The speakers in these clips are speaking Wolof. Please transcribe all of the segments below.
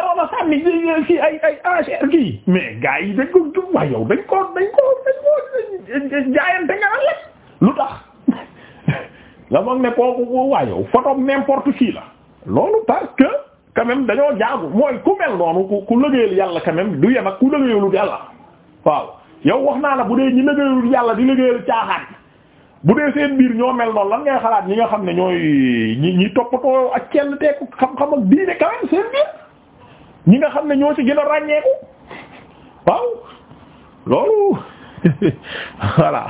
naroon a sànni ci ay ay enchère kii mais gars yi dañ ko waa yow dañ ko dañ ko dañ ko jaayante nga la lu tax nga moom ne kooku waa yow photo n'importe qui la loolu parce que quand même dañoo jaagu mooy ku mel noonu ku ku lëgëyal yàlla quand même du yem ak ku lëgëyalul yàlla waaw yow wax naa la bu dee ñi lëgëyalul yàlla di lëgëyal caaxaan bu dee seen biir ñoo mel noonu lan ngay xalaat ñi nga xam ne ñooy ñi ñi toppatoo ak kenn teeku xam-xam ak diine quand même seen biir ñi nga xam ne ñoo ci gën a ràññeeku waaw loolu voilà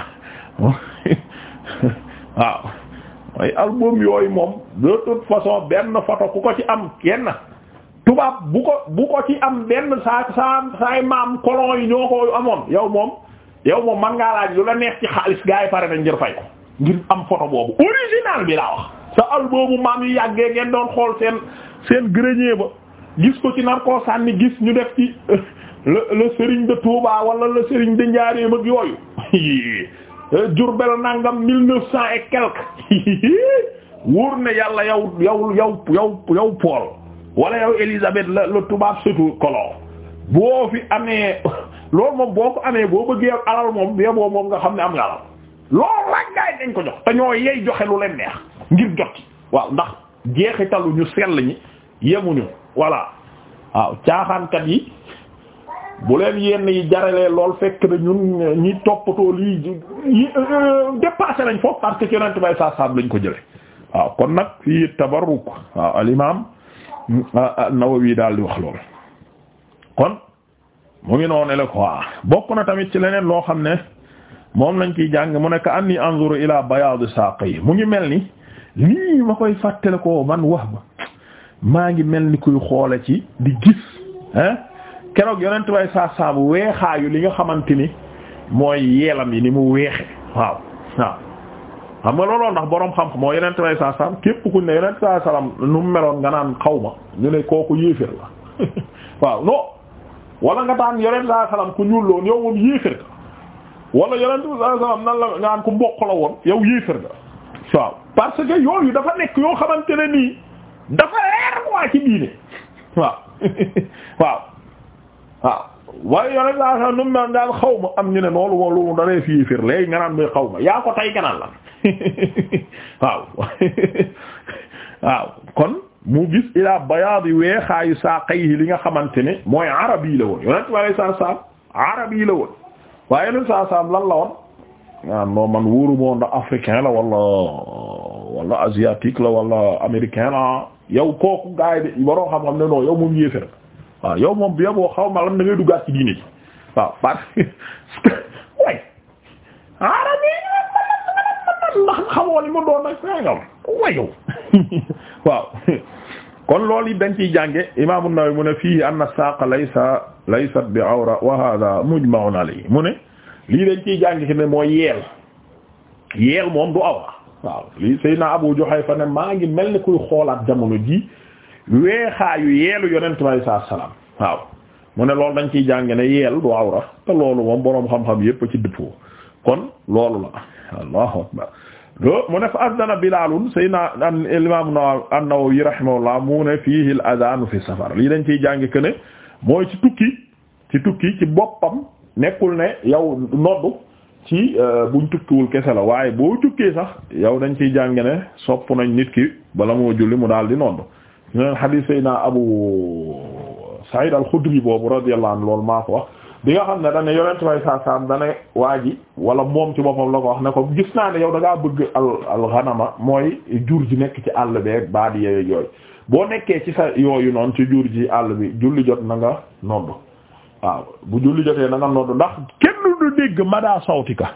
waaw mooy album yooyu moom de toute façon benn photo ku ko ci am kenn tubaab bu ko bu ko ci am benn saa saa saay maam colon yi ñoo ko amoon yow moom yow moom man ngaa laaj lu la neex ci xaalis gaa yi pare nañ ngir fay ko ngir am photo boobu original bi laa wax sa album maam yi yàggee ngeen doon xool seen seen grenier ba gis ko ci nar koo sànni gis ñu def ci le le Serigne de Touba wala la Serigne de Njaareem ak yooyu Jurbel nangam mille neuf cent et quelque wóor ne yàlla yow yow yow yow yow Paul wala yow Élisabeth la le tubaab surtout kolo boo fi amee loolu moom boo ko amee boo bëggee alal moom bee moom nga xam ne am nga alal loolu rek dañ ko jox te ñoo yey joxe lu leen neex ngir jot waaw ndax jeexitalu ñu sell ñi yemuñu voilà waaw caaxaankat yi bu leen yenn yi jaralee lool fekk na ñun ñi toppatoo lii euh, dépassé nañ foofu parce que ci lañ ko jële waaw kon nag fii tabarruk waaw al imaam daal di wax lool kon mu ngi noonu la quoi bokk na tamit ci leneen loo xam ne moom lañ ciy jàng mu nekk anni anzuru ila bayaadi yi mu ngi mel ni nii ma koy fàttale ko man Wahb maa ngi mel ni kuy xoole ci di gis ah keroog yonent way saa saa bu weexaayu li nga xamante ni mooy yeelam yi ni mu weexe waaw waaw xam nga looloo ndax boroom xam moo yonent way saa saa képp ku ne yonent nu mu meloon nga naan xaw ma kooku yéeféer nga daan yonent saa ku ñuul loon yow moom yéeféer ka wala yonent saa salaam nan la nga naan ku mboq la woon yow yéeféer ka waaw parce que yooyu dafa nekk yoo xamante nii dafa waa ci diine waaw waaw waaw waaye yow nag laa xam ne man daal xaw ma am ñu ne loolu wala loolu da ngay fii fir léegi nga naan muy xaw ma yaa ko tay ganaan la waaw waaw kon mu gis ilaa bayaad yi weexaayu saaqayhi li nga xamante ne mooy arab yi la woon yonent bi alayhi salaatu salaam arab yi la woon waaye yonent salaatu salaam lan la woon ah non man wóoru moo ndax africain la wala wala asiatique la wala américain la yow kooku gaa yi de waroo xam-xam ne non yow moom yéefér waaw yow moom bi yoboo xaw da ciy jànge imam an-Nawawi mu ne fii anna bi awra lii dañ ciy jànge ki ne mooy yeel moom du awra waaw lii Seydina Abu Juhayfa ne maa ngi mel ni kuy xoolaat jamono ji weexaayu yeelu yonent bi saa salaam waaw mu ne loolu dañ ciy jànge ne yeel du awra te loolu moom boroom xam-xam yépp ci dëppoo kon loolu la allahu akbar do mu ne fa addana bilalun Seydina al-Imam an-Nawawi rahimahullah mu ne fiihi al fi safar lii dañ ciy jànge que ne mooy ci tukki ci tukki ci boppam nekkul ne yow noddu ci euh, buñ tukkiwul kese la waaye boo tukkee sax yow dañ ciy jàng ne sopp nañ nit ki bala moo julli mu daal di nodd ñuneen xadiis sayna Abu Saïd al-Xudri boobu radiyallahu anhu lool maa ko wax bi nga xam ne dane yonent way saa saam dane waa ji wala moom ci boppam la ko wax ne ko gis naa ne yow da ngaa bëgg al alxanama mooy jur ji nekk ci àll bi baa di yeeg yooyu boo nekkee ci sa yooyu noonu ci jur ji àll bi julli jot na nga nodd waaw bu julli jotee na lu dégg mada sawtika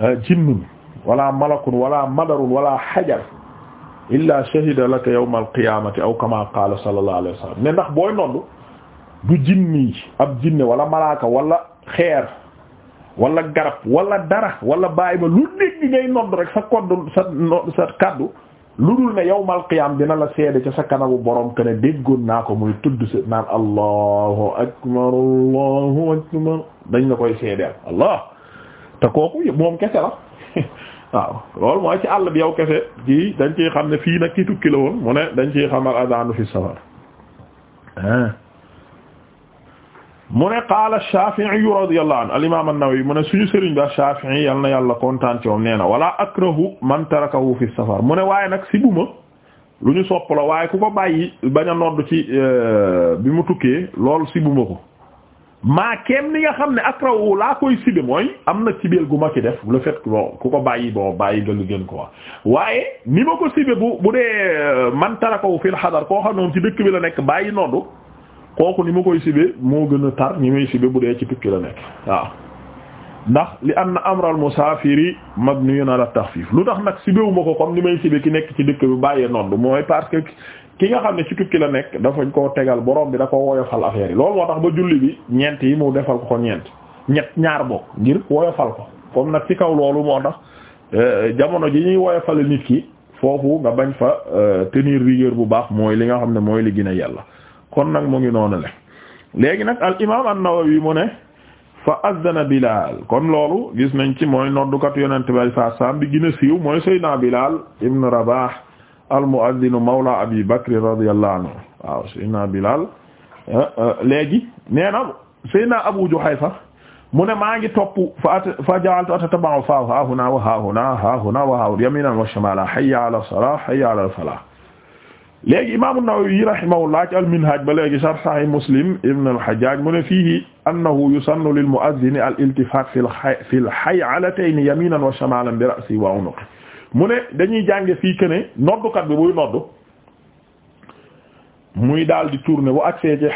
ah, jinnun wala malakun wala madarun wala xajar illa shahida laka yawma alqiyamati aw kama qaala sallallahu alayhi wa sallam ne ndax booy nondu du jinni ab jinne wala malaaka wala xeer wala garab wala dara wala bàyyi ba lu dégg ngay nodd rek sa kodd sa sa kaddu lu dul ne yawmal qiyaam dina la seede ca sa kanamu borom que ne déggoon naa ko muy tudd si naan allahu akbar allahu akbar dañ la koy seedeel allah te kooku moom kese la waaw loolu mooy ci àll bi yow kese kii dañ ciy xam ne fii nag ci tukki la woon mu ne dañ ciy xamal adaanu fi safar ah mu ne qaala yu radiyallahu anhu al-imaam an-Nawawi mu ne suñu sëriñ bi Shaafi'i yal na yàlla kontaan ci moom nee na wala akrahu man tarakahu fi safar mu ne waaye nag si buma lu ñu sopp la waaye ku ko bàyyi baña a nodd ci euh, bi mu tukkee lool si buma ko maa kenn ni nga xam ne akrahu laa koy sibe mooy am na cibeel gu ma ci def le fait ku ko bàyyi bon bàyyi nga lu gën quoi waaye ni ma ko sibe bu bu dee euh, man tarakahu fil hadar koo xam ne moom ci dëkk bi la nekk bàyyi noddu kooku ni mu koy sibe moo gën a tar ñi muy sibe bu dee ci tukki la nekk waaw ndax li anna amral musaafiri mabniyun tax taxfiif lu tax nag sibewu ma ko comme ni may sibe ki nekk ci dëkk bi bàyyee nodd mooy parce que ki nga xam ne ci tukki la nekk dafañ koo tegal borom bi da ko woyofal affaire yi loolu moo tax ba julli bi ñeent yi mu defal ko ñeent ñett ñaar bokk ngir woyofal ko comme nag ci kaw loolu moo tax euh, jamono ji ñuy woyofal nit ki foofu nga bañ fa euh, tenir rigueur bu baax mooy li nga xam ne mooy li yàlla kon nag mu ngi noonu le léegi nag al imaam an-Nawawi mu ne fa azzana Bilal kon loolu gis nañ ci mooy noddukatu yonente bay saa saam bi gën a siiw mooy Seydina Bilal ibn Rabah al-mu'adhdhin mawla Abi Bakr radiyallahu anhu waaw Seydina Bilal eh, eh, léegi nee na Abu Juhayfa mu ne maa ngi topp fa fa ja'altu atatabba'u fa haahuna wa haahuna haahuna wa haahuna yaminan wa shimala hayya ala salah hayya ala salah léegi imaamu a rahimahullah ci al-Minhaj ba léegi sharh Sahih Muslim ibn al-Hajjaj mu ne fiihi annahu yusannu lil-mu'adhdhin al-iltifat fi fi al-hay'alatayn yaminan wa shimalan bi ra'sihi wa 'unuqihi mu ne dañuy jànge fii que ne noddukat bi buy muy daal di tourner bu agsee ci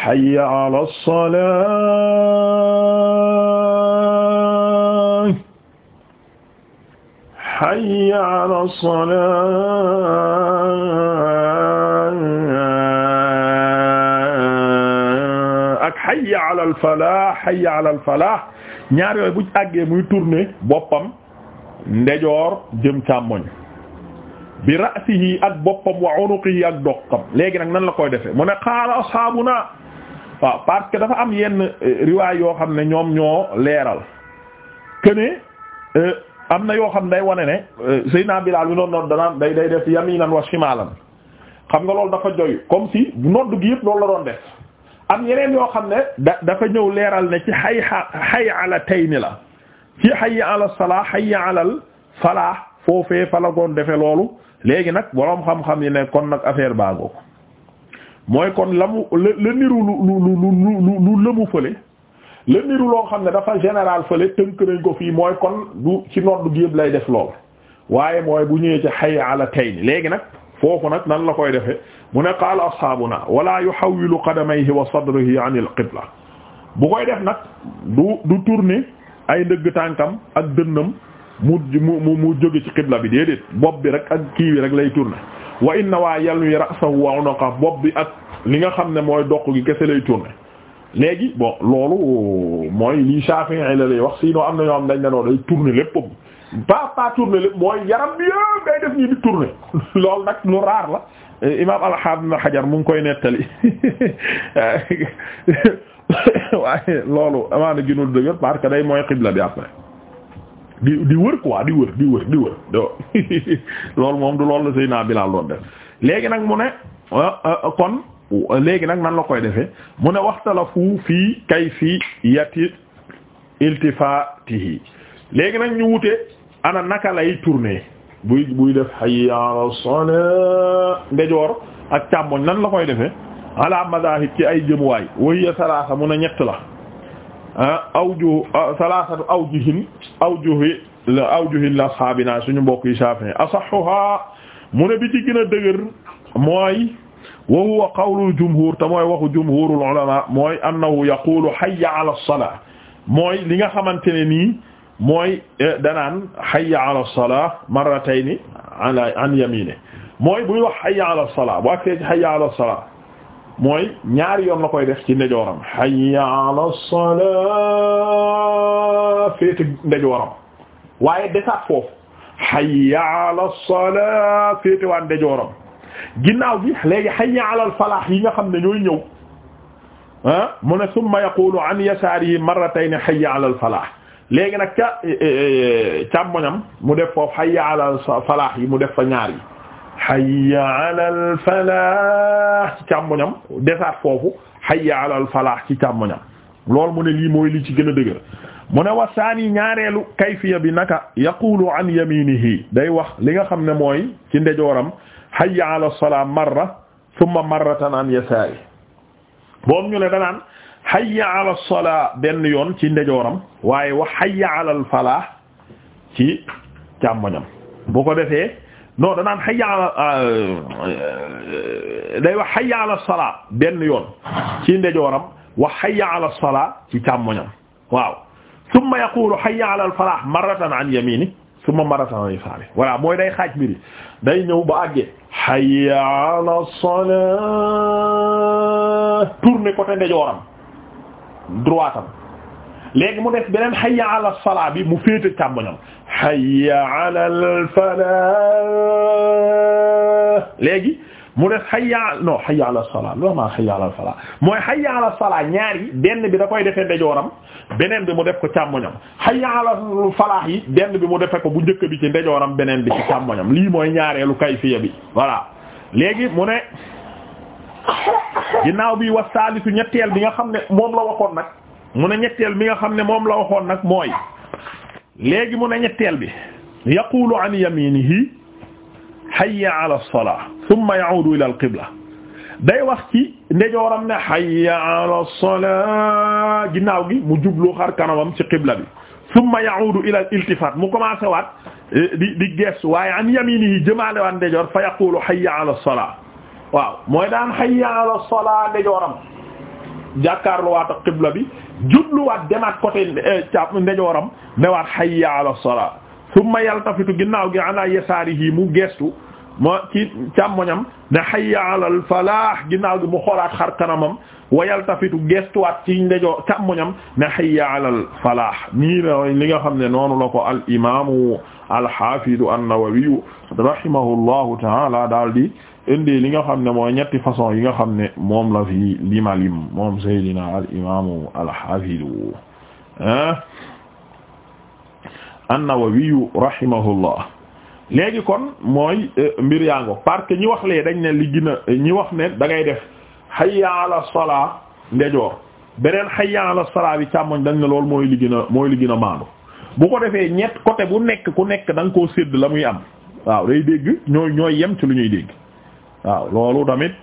hayya ala salaa ak hayya ala al falah hayya ala al falah ñaar yooyu bu àggee muy tourner boppam ndejoor jëm càmmoñ bi ra'sihi ak boppam wa unuqihi ak doqam léegi nag nan la koy defee mu ne qaala ashaabuna waaw parce que dafa am yenn euh, riwaay yoo xam ne ñoom ñoo leeral que ne euh, am na yoo xam day wane ne euh, Seydina Bilaal bi noon noonu danaan day day def yaminan wa shimalan xam nga loolu dafa joy comme si nodd gi yëpp loolu la doon def am yeneen yoo xam ne dafa ñëw leeral ne ci xay xay ala tay ni la ci xay ala salaa xay alal falaa foofee fa la goon defe loolu léegi nag boroom xam-xam yi ne kon nag affaire baa ngoog mooy kon la mu la niru lu lu lu lu lu lëmu fële la niru loo xam ne dafa général fële tënk nañ ko fii mooy kon du ci noddu gi lay def lool waaye mooy bu ñëwee ci hayya ala tayni léegi nag foofu nag nan la koy defe mu nekk ne qaala ashaabuna wala yuhawwilu qadamayhi wa sadrihi an al qibla bu koy def nag du du tourner ay ndëgg tànkam ak dënnam mu mu mu jóge ci qibla bi déedéet bopp bi rek ak kii bi rek lay tourner wa inna waa yalwi ra'sahu wa unuqa bopp bi ak li nga xam ne mooy doq gi kese lay tourner léegi bon loolu mooy lii Shafi'i am na ñoo am dañ ne noonu day tourner lépp pas pas tourner lépp mooy yaram yëpp day def ñi di tourner loolu nag lu raar la imaam al-Hafiz Ibn Hajar mu koy nettali waaye loolu amaana ginul dëgër parce que day mooy xibla bi après di di wër quoi di wër di wër di moom du lool la Seydina Bilaal doon def léegi nag mu ne ah, ah, kon léegi nag nan la koy defee mu ne waxtalafu fii kayfiyati iltifatihi léegi nag ñu wute ana naka lay tourner bu buy def hayya ala salaa ndejoor ak càmmoñ nan la koy defee ala madahib ci ay jëmuwaay wa hiya a mu ne ñett la awju salaasatu awjuhin awjuhi la awjuhin la ashaabina suñu mbokk yi Shafi'i asahuha mu ne bi ci gën a dëgër mooy wa huwa qawlul jumhur te mooy waxu jumhurul ulama mooy annahu yaqulu hayya ala as-salah mooy li nga xamante ne nii mooy eh, danaan hayya ala as-salah marratayni ala an yamine mooy buy wax hayya ala as-salah bu agsee ci hayya ala as-salah mooy ñaari yoon la koy def ci ndejooram hayya ala as-salah féete ndejooram waaye desaat foofu hayya ala as-salah féete waa ndejooram ginnaaw gi léegi hayya alal falaax yi nga xam ne ñooy ñëw ah mu ne summa yaqulu an yasaarihi marratayn hayya alal falaax léegi nag ca eh, eh, eh, càmmoñam mu def foofu hayya alal falaax yi mu def fa ñaar yi hayya alal ci càmmoñam desaat foofu hayya alal falaax ci càmmoñam loolu mu ne lii mooy li ci gën a dëgër mu ne wa saani ñaareelu kayfiya bi naka yaqulu an yaminihi day wax li nga xam ne mooy ci ndejooram hayya ala salaa marra thumma marratan an yasaari boobu ñu ne danaan hayya ala salaa benn yoon ci ndejooram waaye wax hayya ala al falaa ci càmmoñam bu ko defee non danaan hayya ala euh, day wax hayya ala salaa benn yoon ci ndejooram wax hayya ala salaa ci càmmoñam waaw thumma yaqulu hayya ala al falaah marratan an yamiini thumma marratan an yasaari voilà mooy day xaaj mbiri day ñëw ba àggee hayya ala salaa tourné côté ndeyjooram droitam léegi mu def beneen hayya ala salaa bi mu féete càmmoñam hayya ala al falaa léegi mu def hayya non hayya ala salaa loolu maa hayya ala salaa mooy hayya ala salaa ñaari benn bi da koy defee ndejooram beneen bi mu def ko càmmoñam hayya ala falaax yi benn bi mu defee ko bu njëkk bi ci ndejooram beneen bi ci càmmoñam lii mooy ñaareelu kayfiya bi voilà léegi mu ne ginnaaw bi wa saalisu ñetteel bi nga xam ne moom la waxoon nag mu ne ñetteel bi nga xam ne moom la waxoon nag mooy léegi mu ne ñetteel bi yaqulu an yaminihi hayya ala as-salah thumma ya'udu ila al-qibla day wax ci ndejooram ne hayya ala as-salah ginnaaw gi mu jublu xar kanamam ci qibla bi thumma ya'udu ila al-iltifat mu commencé waat e, di di gees waaye an yaminihi jëmaale waat ndejoor fa yaqulu hayya ala as-salah waaw mooy daan hayya ala as-salah ndejooram jàkkaarluwaat ak qibla bi jubluwaat demaat côté e, ndejooram newaat hayya ala as-salah summa yaltafitu ginnaaw gi ala yasaarihi mu gestu moo ci càmmoñam ne hayya alal falaax ginnaaw gi mu xoolaat xar kanamam wa yaltafitu gestuwaat ci ndejoo càmmoñam ne hayya alal falaax nii la li nga xam ne noonu la ko al imaamu al xaafidu an-Nawawi rahimahullahu taala daal di indi li nga xam ne mooy ñetti façon yi nga xam ne moom la fi limalim moom Seydina al imaamu al xaafidu ah. an-Nawawi rahimahullah léegi kon mooy euh, mbir yango parce que ñi wax lee dañ ne li gën a ñi wax ne da ngay def hayya ala salaa ndejoor beneen hayya ala salaa bi càmmoñ dañ ne lool mooy li gën a mooy li gën maandu bu ko defee ñett côté bu nekk ku nekk da nga koo sédd la muy am waaw day dégg ñooy ñooy yem ci lu ñuy dégg waaw loolu tamit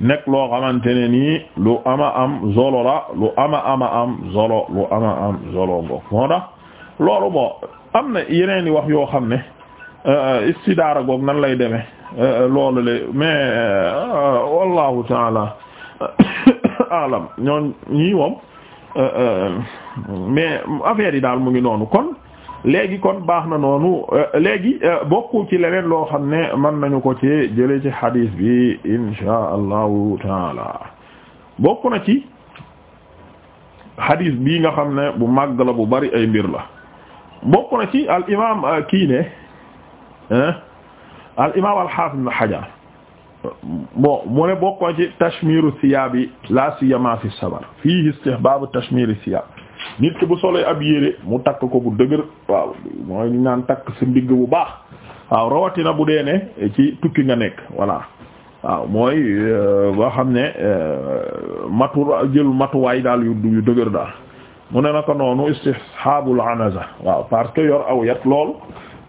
nekk loo xamante ne nii lu ama am zolo la lu ama ama am zolo lu moo tax loolu moo am na yeneen i wax yoo xam ne euh, istidaara goog nan lay deme euh, loolu le mais euh, wallahu taala alam ñoon ñii moom mais affaire yi daal mu ngi noonu kon léegi kon baax na noonu léegi bokku ci leneen loo xam ne mën nañu ko ci jële ci hadith bi insha allahu taala bokku na ci hadith bi nga xam ne bu màgg la bu bari ay mbir la bokk na ci al imaam euh, kii ne al imaam al haafiz ibn Hajar bon mu ne bokk na ci tashmiru siyaab yi la siyama fi sabar fiihi istihbaabu tashmiri siyaab nit ki bu solee ab yére mu takk ko bu dëgër waaw mooy naan takk si ndigg bu baax waaw rawatina bu dee ne ci tukki nga nekk voilà waaw mooy boo euh, xam ne euh, matu jël matuwaay daal yu yu dëgër daal. mu ne naka noonu istihhabul anaza waaw parce que yor aw yat lool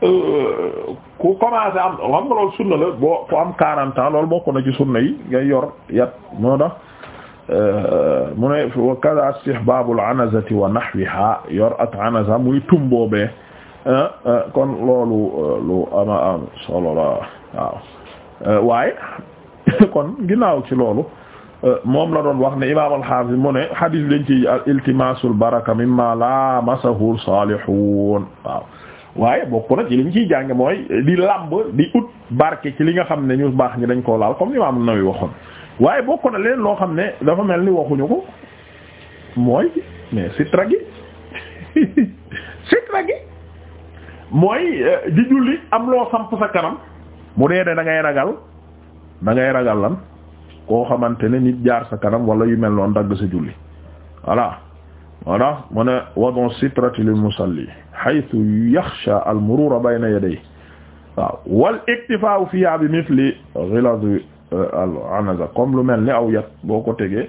euh, ku commencé am xam nga loolu sunna la boo ku am 40 loolu bokk na ci yi ngay yor yat moo tax euh, mu ne wa kaza istihbabul anazati yor ak anaza muy tumboobee euh, kon loolu lu ama solo la waaye kon ginnaaw ci loolu moom la doon wax ne imaam al-Hafiz mu ne hadis lañ ci iltimasul baraka mimma la masahu salihun waaw waaye bokk na ci liñ ciy jànge mooy di làmb di ut barke ci li nga xam ne ñu baax ni dañ koo laal comme imaam an-Nawawi waxoon waaye bokk na leen loo xam ne dafa mel ni waxuñu ko mooy mais sitra gi sitra gi mooy eh, di julli am loo samp sa kanam mu dee da ngay ragal dangay ragal lan boo xamante ne nit jaar sa kanam wala yu mel noonu dagg sa julli voilà voilà mu ne wadon sitrati lil musalli haythu yaxsha al murura bayna yaday waaw wal iktifaa fiha bi mithli ghilaz eh, al anaza comme lu mel ni aw yat boo ko tegee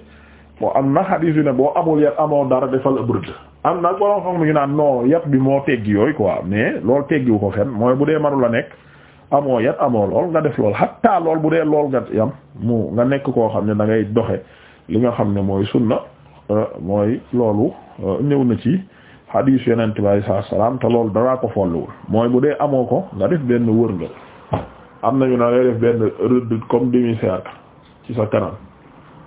bon am na xadiis yu ne boo amul yat amoon dara defal ab rëdd am na borom xam mi naan non yat bi moo teggi yooyu quoi mais loolu teggiwu ko fenn mooy bu dee manu nekk amoo yat amoo lool nga def lool hatta lool bu dee lool nga yam mu nga nekk koo xam ne dangay ngay doxe li nga xam ne mooy na euh, mooy loolu euh, ñëw na ci hadis yonent bi alayhi salaatu salaam te loolu daraa ko folluwul mooy bu dee amoo ko nga def benn wërngal am nañu na ngay def benn rëdd comme demi-cercle ci sa kanam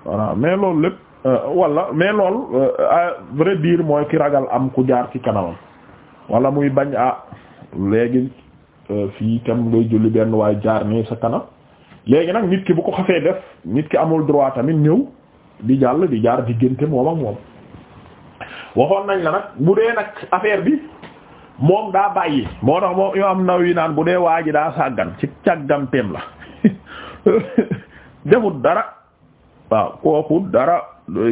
voilà mais loolu lépp euh, wala mais loolu à vrai dire mooy ki ragal am ku jaar ci kanamam wala muy bañ a ah, léegi Euh, fii tam ngay julli benn waay jaar nii sa kanam léegi nag nit ki bu ko xafee def nit ki amul droit tamit ñëw di jàll di jaar diggante moom ak moom waxoon nañ la nag bu dee nag affaire bi moom daa bàyyi moo tax moom yoo am naw yi naan bu dee waa ji daa sàggan ci càgganteem la defut dara waaw kooku dara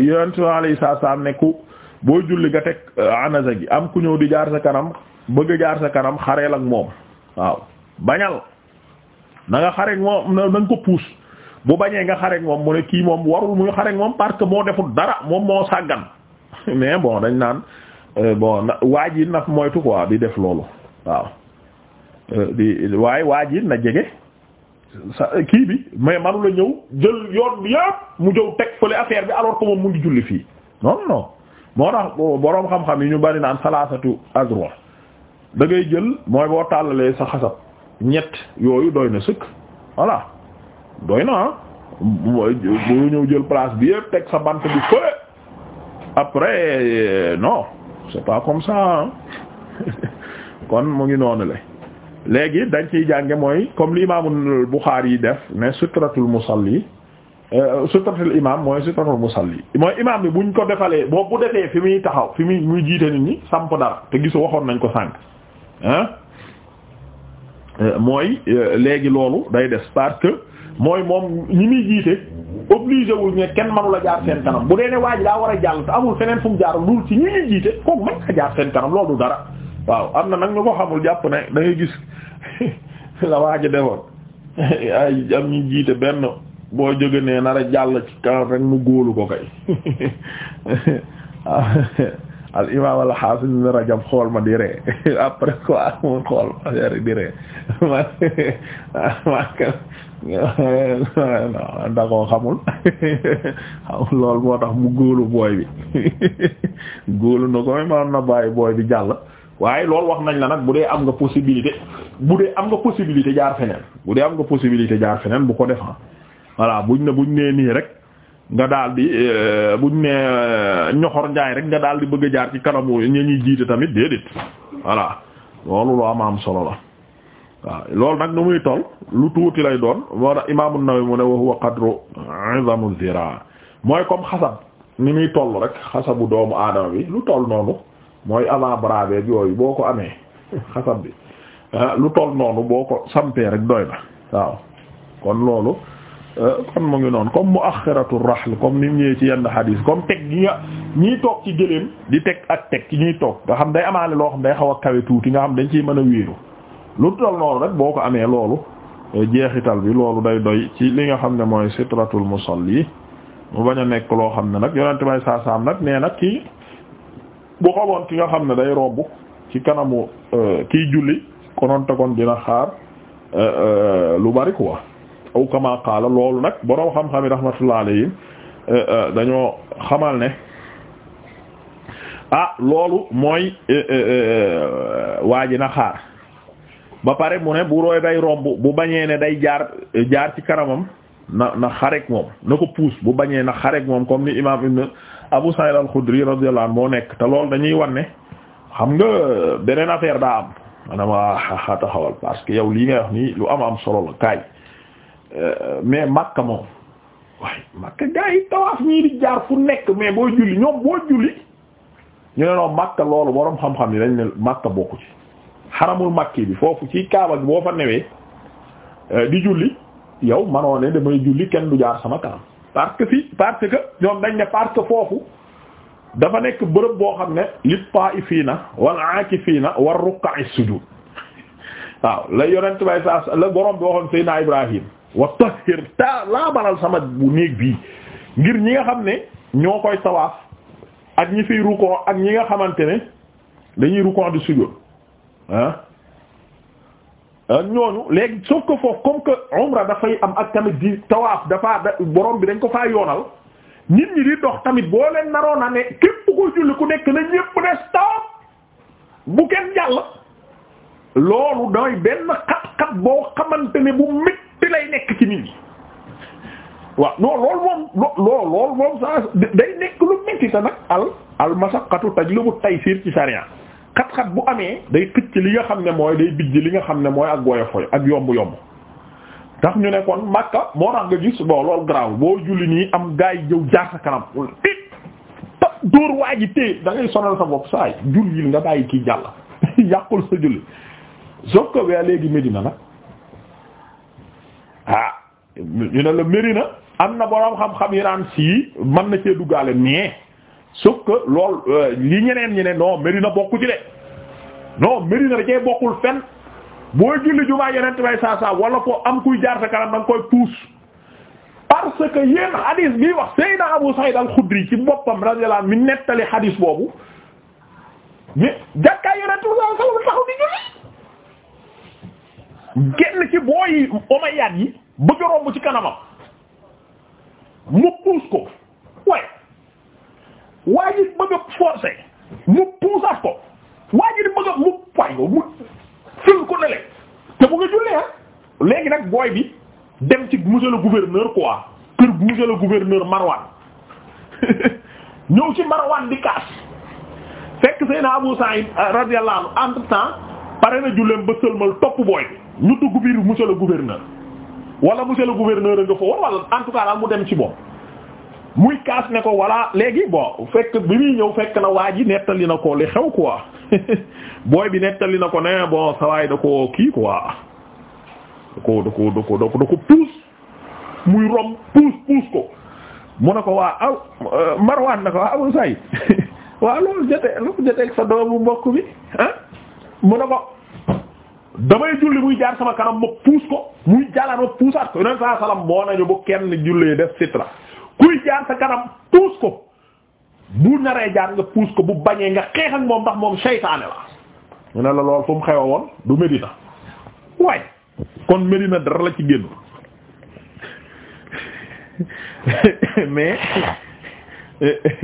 yonent bi alayhi salaam ne ku boo julli nga euh, anaza gi am ku ñëw di jaar sa kanam bëgg jaar sa kanam xareel ak moom waaw bañal na nga xarek moom na nga ko puus bu bañee nga xarek moom mu ne kii moom warul muy xarek moom parce que moo deful dara moom moo sàggan mais bon dañ naan euh, bon waa ji nag moytu quoi di def loolu waaw euh, di waaye waa ji na jege sa kii bi mais manu la ñëw jël yoon bi yëpp mu jëw teg fële affaire bi alors que moom mu ngi julli fii non non moo tax boroom xam-xam yi ñu bari naan salaasatu azro da ngay jël mooy boo tàllalee sa xasab ñett yooyu doy na sëkk voilà doy na ah boo ñëw jël place bi yëpp teg sa bant bi fële après euh, non c'est pas comme ça kon mu ngi noonu le léegi dañ ciy jànge mooy comme li imaamul Buxaari yi def ne sutratul musalli euh, sutratul imam mooy sutratul musalli mooy imam bi buñ ko defalee boobu bu defee fi muy taxaw fi muy muy jiite nit ñi samp dara te gisu waxoon nañ ko sànq ah mooy euh, léegi loolu day des parce que mooy moom ñi muy jiite obligé wul ne kenn mënu la jaar seen kanam bu dee ne waaj ji daa war a jàll te amul feneen fu mu jaar loolu ci ñi muy jiite kooku mën nga jaar seen kanam loolu dara waaw am na nag ñu ko xamul jàpp ne da ngay gis la waa ji defoon ay am ñu jiite benn boo jóge ne nar a jàll ci kanam rek mu góolu ko kay ah, al imam al hafiz ibn Rajab xool ma di ree après quoi mu xool ma di ree ma ma xamul xamul moo tax mu góolu booy bi góolu na ko ma na bàyyi booy bi jàll waaye loolu wax nañ la nag bu dee am nga possibilité bu dee am nga possibilité jaar feneen bu dee am nga possibilité jaar feneen bu ko defan voilà buñ ne buñ nee nii rek nga daal di euh, buñ ne euh, ñoxor njaay rek nga daal di bëgg a jaar ci kanamu ña ñuy jiite tamit déedéet voilà loolu lu am am solo la waaw loolu nag nu muy toll lu tuuti lay doon moo tax Imaam mu ne wa huwa qadru mooy comme xasab ni muy toll rek xasabu doomu aadama bi lu toll noonu mooy avant bras beeg yooyu boo ko amee xasab bi euh, lu toll noonu boo ko sampee rek doy na waaw kon loolu. Euh, kon mu ngi noonu comme mu axiratu rahl comme ni ñëwee ci yenn xadiis comme teg gi nga ñiy toog ci gëléem di teg ak teg ci ñuy toog nga xam day amaale loo xam day xaw a kawe tuuti nga xam dañ ciy mën a wéeru lu toll noonu rek boo ko amee loolu euh, jeexital bi loolu day doy ci li nga xam ne mooy sitratul musalli mu bañ a nekk loo xam ne nag yonente may saa nag nee nag kii bu xamoon ki nga xam ne day robb ci kanamu euh, kiy julli konoon te kon dina xaar lu bari aw kama qaala loolu nag boroom xam-xam yi rahmatullah alayhim eh, eh, dañoo xamal ne ah loolu mooy eh, waa ji na xaar ba pare mu ne bu rooy day romb bu bañee ne day jaar jaar ci kanamam na na xarek moom na ko puus bu bañee na xarek moom comme ni imam ibn Abu Sa'id al-Khudri radiyallahu anhu moo nekk te loolu dañuy wan xam nga beneen affaire daa am maanaam ah, ah, ah, taxawal parce que yow lii ngay wax nii lu am am solo la kaay Euh, mais Makka moom waaye Makka gaa yi tawaaf ñii di jaar fu nekk mais boo julli ñoom boo julli ñu ne noonu Makka loolu boroom xam-xam yi dañ ne Makka bokku xaramul Makki bi foofu ci Kaaba gi boo fa newee euh, di julli yow manoo ne damay julli kenn du jaar sama kanam parce que si parce ñoom dañ ne parce foofu dafa nekk bërëb boo xam ne fii na wal aakifiina war ruqa'i sujud waaw la yonent bay sa la borom bi waxoon Seydina Ibrahim wa tahir ta laa baral sama bu néeg bii ngir ñi nga xam ne ñoo koy tawaaf ak ñi fi rukkoo ak ñi nga xamante ne dañuy rukkoo di sujjóot ah ak ñooñu léegi sauf que foofu comme que umra dafay am ak tamit di tawaaf dafa borom bi dañ ko faa yoonal nit ñi di dox tamit boo leen naroon a ne képp ko julli ku nekk na ñépp ne stop bu kenn jàll loolu damay benn xat-xat boo xamante ne bu mit te lay nekk ci nit ñi waaw non loolu moom loo loolu moom saa day nekk lu métti nag al al masaqatu tajlibu taysir ci sariya xat-xat bu amee day xëcc li nga xam ne mooy day bijj li nga xam ne mooy ak ak yomb-yomb tax ñu nekkoon kon Makka moo tax nga gis bon loolu garaaw boo julli nii am gaa yi jëw jaar sa kanam tit ta dóor waa ji téye sonal sa bopp saay jullil nga bàyyi kii jàll yàqul sa julli soo ko wee léegi Medina nag ah ñu ne la méri na am na boroom xam-xam yi naan sii mën na cee duggaale mais sauf que lool euh, li ñeneen ñi ne non méri na bokku ci de non méri na da cee bokkul fenn boo julli jumaa yeneen bay saa saa wala foo am kuy jaar sa kanam da nga koy puus parce que yéen hadis bii wax Seydina Abu Saïd al-Khudri ci boppam radiyallahu mi nettali hadis boobu mais jàkkaay yeneen taxaw di julli génn ci booyi Omeyyades yi bëgg a romb ci kanamam mu puus ko waaye waa ji bëgg a forcer mu puusaat ko waa ji di bëgg a mu fayoo mu fël ko nele te bu nga jullee ah nag booy bi dem ci monsieur le gouverneur quoi kër monsieur le gouverneur Marwan ñëw ci Marwan di kaas fekk Seydina Abu Sa'id euh, radiyallahu anhu entre temps pare na julleem ba sëlmal topp booy bi ñu dugg biir monsieur le gouverneur wala monsieur le gouverneur a nga fa war wala en mu dem ci bopp muy kaas ne ko voilà léegi bon fekk bi muy ñëw fekk na waa ji nettali na ko li xew quoi booy bi nettali na ko ne bon sawaay da ko kii quoi da ko da ko da ko da ko da ko puus muy rom puus puus ko mu ne ko waa aw Marwan na ko waa Abu Saïd waa loolu jote lu joteeg sa doomu mbokk bi ah mu ne ko damay julli muy jaar sama kanam ma puus ko muy jàllaan ma puusaat ko yoneen saa salaam boo nañu bu kenn jullee def sitra kuy jaar sa kanam puus ko bu naree jaar nga puus ko bu bañee nga xeex ak moom ndax moom seytaane la ñu ne la lool fu mu xewe woon du Medina waaye kon Medina dara la ci génn mais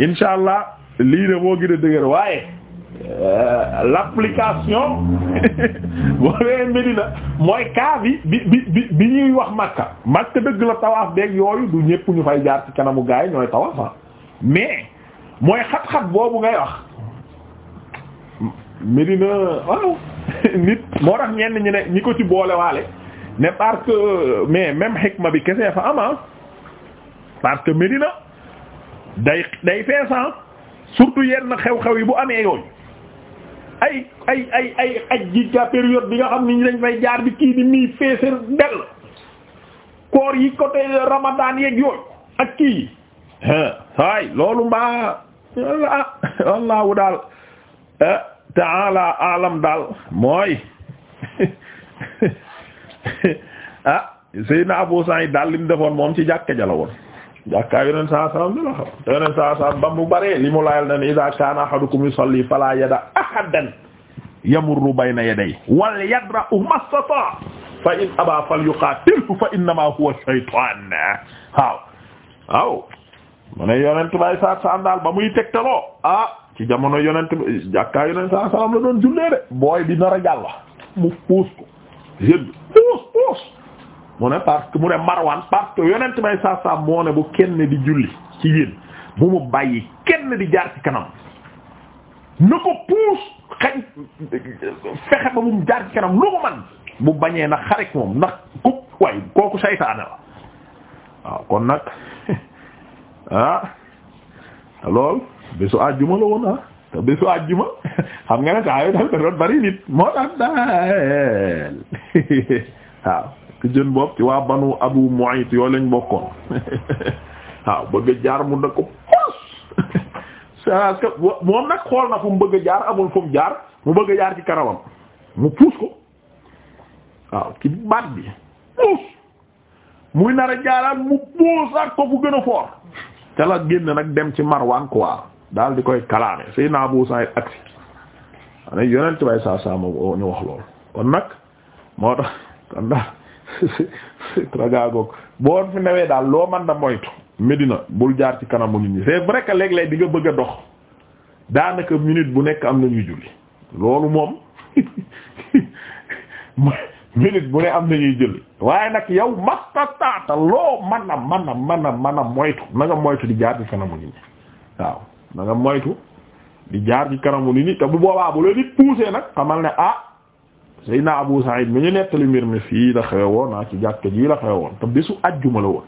insha allah lii de moo gën a dëgër waaye Euh, l'application boo dee Medina mooy cas bi bi bi bi ñuy wax Makka Makka dëgg la tawaaf beeg yooyu du ñëpp ñu fay jaar ci kanamu gaa yi ñooy tawaaf ah mais mooy xat-xat boobu ngay wax Medina waaw nit moo tax ñenn ñi ne ñi ko ci boolewaale ne parce que mais même xikma bi kese fa ama ah. parce que Medina day day feesan ah. surtout yenn xew-xew yi bu amee yooyu. ay ay ay ay aj période bi nga xam ni ñu dañ fay jaar bi kii di mii feesar dell koor yi côté ramadan yeeg yooyu ak kii yi haay loolu mbaa wallahu ah, daal ta'ala alam daal mooy ah Seydina Abu Sa'id daal li mu defoon moom ci jàkka ja jàkkaa yoneen saa salaam te yoneen saa salaam ba mu bëree li mu laayal na ne idaa kaana ahadukum yusalli falaa yada ahadan yamurru bayna yaday wal yadra'u mastata fa in abaa falyuqaatilhu fa innama huwa shaytaan waaw waaw mu ne yonent bay saa salaam daal ba muy tegtaloo ah ci jamono yonent jàkkaa yoneen saa salaam la doon jullee de booy bi mu puus puus mu ne parce que mu ne marwan parce que yonent may saa saa moo ne bu kenn di julli ci yéen bu mu bàyyi kenn di jaar ci kanam na ko puus xañ fexe ba mu jaar ci kanam lu ko man bu bañee na xarik moom ndax ku way kooku saytaane la waaw kon nag ah lool bésu àjjuma la woon ah te bésu àjjuma xam nga ne saa yu dal da doon bari nit moo tax daal waaw ki jën bopp ci waa banu abu mu'ayt yoo lañ bokkoon waaw bëgg jaar mu ne ko moom nag xool na fu mu bëgg jaar amul fu jaar mu bëgg jaar ci karawam mu puus ko waaw ci baat bi puus muy nar a jaaraat mu puusaat ko fu gën a foor te la génn nag dem ci marwaan quoi daal di koy kalaame say naa Abu Sa'id aksi ane yonent bay saa saa ma ñu wax lool kon nag moo tax kon traga boo fi newee daal loo man da moytu Medina bul jaar ci kanamu nit ñi c'est vrai que léeg-léeg di nga bëgg a dox daanaka minute bu nekk am na ñuy julli moom minute bu am na ñuy waaye nag yow mastataata loo man a man a man a man a moytu na nga moytu di jaar ci kanamu nit ñi waaw na moytu di jaar ci kanamu nit ñi te bu boobaa bu la nit nag xamal ne ah Seydina Abu Sa'id mi ñu nettali mbir mi fii la xewe woon ah ci jàkk ji la xewe woon te bésu ajjuma la woon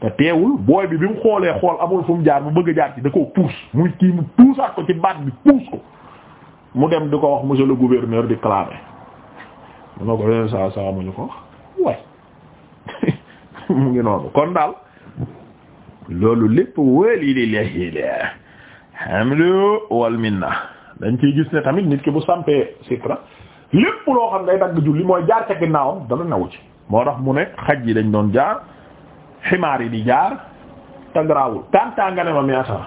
te teewul booy bi bi mu xoolee xool amul fu mu jaar bu bëgg a jaar ci da koo puus muy kii mu puusaat ko ci baat bi puus ko mu dem di ko wax monsieur le gouverneur di clamer mu ne ko yeneen eh, saa saa mu ñu ko wax waay mu ngi noonu kon daal loolu lépp walillahi alhamdu wal minna dañ ciy gis ne tamit nit ki bu sampee sitra lépp loo xam day dagg julli mooy jaar ca ginnaawam dala newu ci moo tax mu ne xaj yi dañ doon jaar ximaar yi di jaar te garaawul tàntaa nga ma mi atara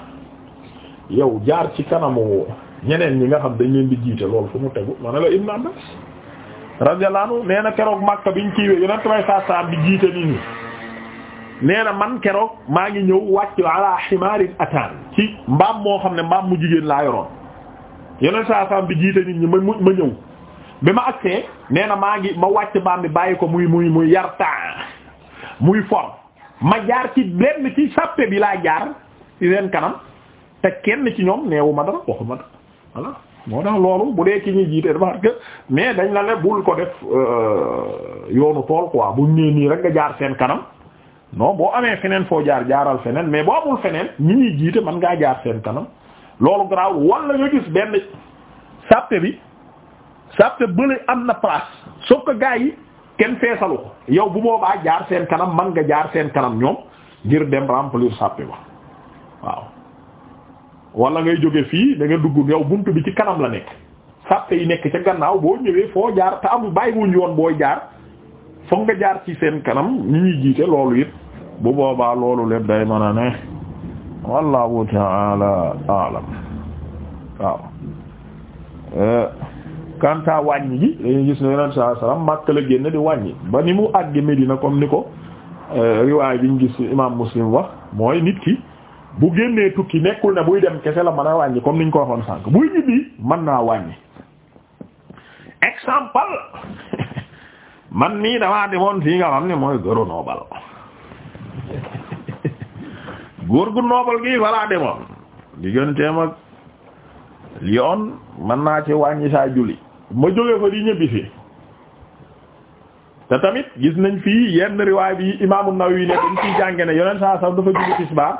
yow jaar ci kanamu ñeneen ñi nga xam dañ leen di jiite loolu fu mu tegu ma ne la Ibn Abbas radiyallahu anhu nee keroog Makka biñ kiiwee yonent may saa saa bi jiite nii nii nee na man keroog maa ngi ñëw wàcc ala ximaarin ataan ci mbaam moo xam ne mbaam mu jigéen laa yoroon yonent saa saa bi jiite nit ñi ñëw bi ma agsee nee na maa ngi ma wàcc mbaam mi bàyyi ko muy muy muy yar temps muy for ma jaar ci lenn ci sàppe bi laa jaar ci seen kanam te kenn ci ñoom neewu ma dara waxu ma dara voilà moo tax loolu bu dee ki ñuy jiite parce que mais dañ la ne bul ko def euh, yoonu tool quoi buñ nee nii rek jaar seen kanam non boo amee feneen foo jaar jaaral feneen mais boo amul feneen ñi ñuy jiite man ngaa jaar seen kanam loolu garaaw wala nga gis benn sàppe bi. sàppe bële am na place sauf que gars yi kenn feesalu ko yow bu boobaa jaar seen kanam man nga jaar seen kanam ñoom ngir dem remplir sàppe ba waaw wala ngay jóge fii da nga dugg yow bunt bi ci kanam la nekk sàppe yi nekk ca gannaaw boo ñëwee foo jaar te amul bàyyi wuñ yoon booy jaar foog nga jaar ci seen kanam ñi ñuy jiite loolu it bu boobaa loolu lépp day mën a ne wallahu ta'ala a'lam waaw eh. kanta wàññi gi dañuy gis na yonent saa salaam Makka la génn di wàññi ba ni mu àgg Medina comme ni ko euh, riwaay bi ñu gis imaam Muslim wax mooy nit ki bu génnee tukki nekkul ne buy dem kese la mën a wàññi comme ni ñu ko waxoon sànq buy ñibbi mën naa wàññi exemple man nii damaa demoon fii nga xam ne mooy góoru noobal góor gu gi falaa demoon digganteem ak Lyon man naa ci wàññi saa julli ma jóge fa di ñëbbisi te tamit gis nañ fii yenn riwaay bi imaamu Nawawi ne dañ ciy jànge ne yoneen saa sax dafa julli tisbaar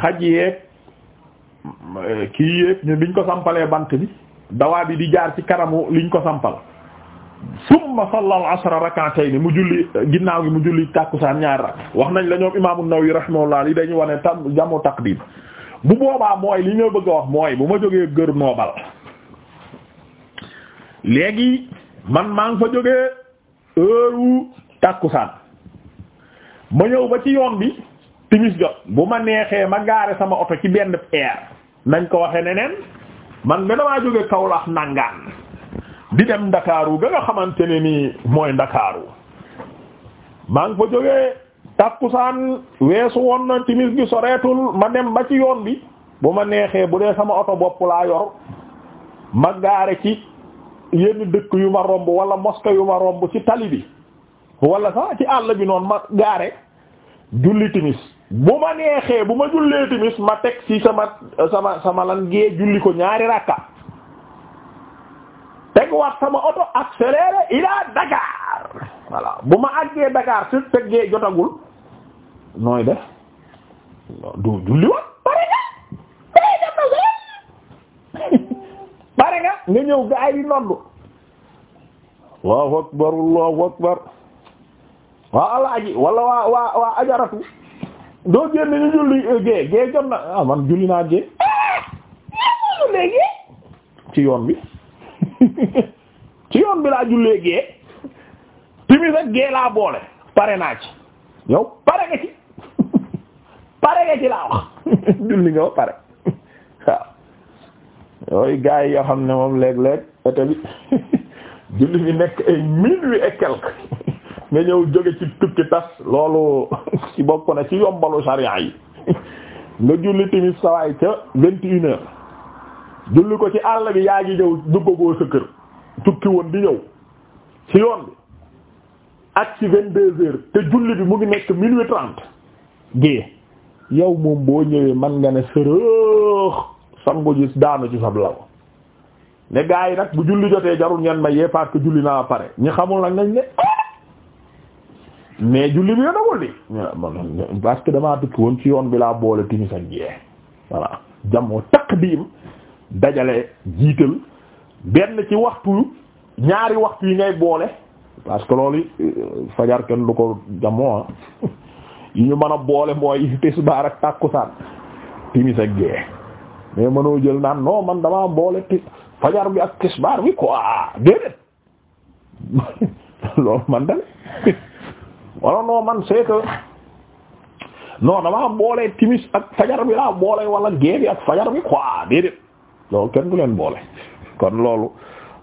xaj yeeg kii yeeg ñu biñ ko sampalee bant bi dawaa yi di jaar ci karamu liñ ko sampal summa sallal asra rak'atayn mu julli ginnaaw gi mu julli tàkkusaan ñaari rak wax nañ la ñoom imaamu Nawawi rahimahullah li dañu wane tam jamu taqdim bu boobaa mooy li nga bëgg a wax mooy bu ma jógee gër noobal léegi man maa ngi fa jógee heure u tàkkusaan ma ñëw ba ci yoon bi timis jot bu ma neexee ma gaare sama oto ci benn air nañ ko waxee neneen man de damaa jóge Kaolack nangaan di dem ndakaaru ga nga xamante ne nii mooy ndakaaru maa ngi fa jógee takkusaan weesu woon na timis gi soreetul ma dem ba ci yoon bi bu ma neexee bu dee sama oto bopp laa yor ma gaare ci yenn dëkk yu ma romb wala moska yu ma romb ci tali bi walla sax ci àll bi noon ma gaare julli timis bu ma neexee bu ma jullee timis ma teg ci sama sama sama lan gee julli ko ñaari rakka teg wax sama oto accéléré ila Dakar voilà bu ma àggee Dakar su teggee jotagul nooy def doo julli woon pare nga pare nga pare pare nga nga ñëw gaa yi noddu akbar allahu akbar waa alaaji wala ajaratu doo génn ñu julli eh, gée gée jot na ah julli naa gée ci yoon bi ci yoon bi laa jullee gée timis ak gée boole pare naa ci yow pare nga pare nga ci laa wax julli nga ba pare waaw yooyu gars yi yoo xam ne moom léeg-léeg état bi julli bi nekk ay minuit et quelque nga ñëw jóge ci tukki tas loolu ci bokk na ci yombalu sariya yi nga julli tamit sawaay ca vingt une heures julli ko ci àll bi yaa ngi ñëw duggagoo sa kër tukki woon di ñëw ci yoon bi ak ci vingt deux heures te julli bi mu ngi nekk minuit trente gée yow moom boo ñëwee man nga ne sërëx sangu ji daanu ci sab law ne gaa yi nag bu julli jotee jarul ngeen ma yee parce que julli naa pare ñi xamul nag nañ ne mais julli bi yonagul di parce que damaa tukki woon ci yoon bi laa boole timis ak gee voilà jamoo taqdim dajale jiital benn ci waxtu ñaari waxtu yi ngay boole parce que loolu euh, fajar kenn du ko jamoo ah. yi ñu mën a boole mooy tisbaar ak tàkkusaan timis ak gée mais mënoo jël naan noo man damaa boole ti fajar bi ak tisbaar bi quoi déedéet loolu man dale wala non man c'est noo non damaa boole timis ak fajar bi laa boole wala gée bi ak fajar bi quoi déedéet loolu kenn du leen boole kon loolu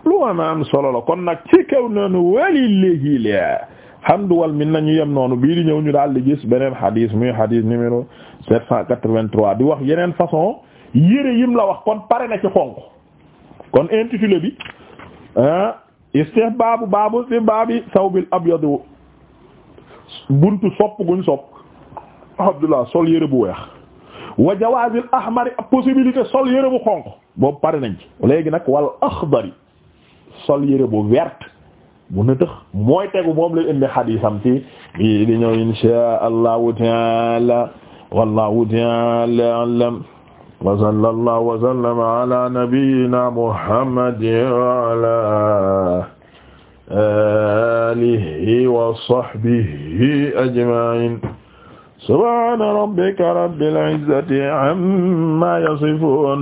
lu ma naan solo la kon nag ci kaw noonu wali léegi la hamdu wal minna ñu yem noonu bii di ñëw ñu daal di gis beneen hadis muy hadis numéro 783 di wax yeneen façon yére yim la wax kon pare na ci kon intitulé bi ah istihbaabu baabu istihbaabi sawbil abyad buntu sopp guñ sopp abdullah sol yére bu weex wa jawaazil ahmari possibilité sol yére bu xonq boobu pare nañ ci léegi nag wal axdari sol yére bu verte mu na tëx mooy tegu moom lay indi xadiisam ci bi di ñëw insha allahu taala wallahu taala alam wa sallallahu wa sallama ala nabiyyina muhammadin wa ala alihi wa sahbihi ajma'in subhana rabbika rabbil izzati amma yasifun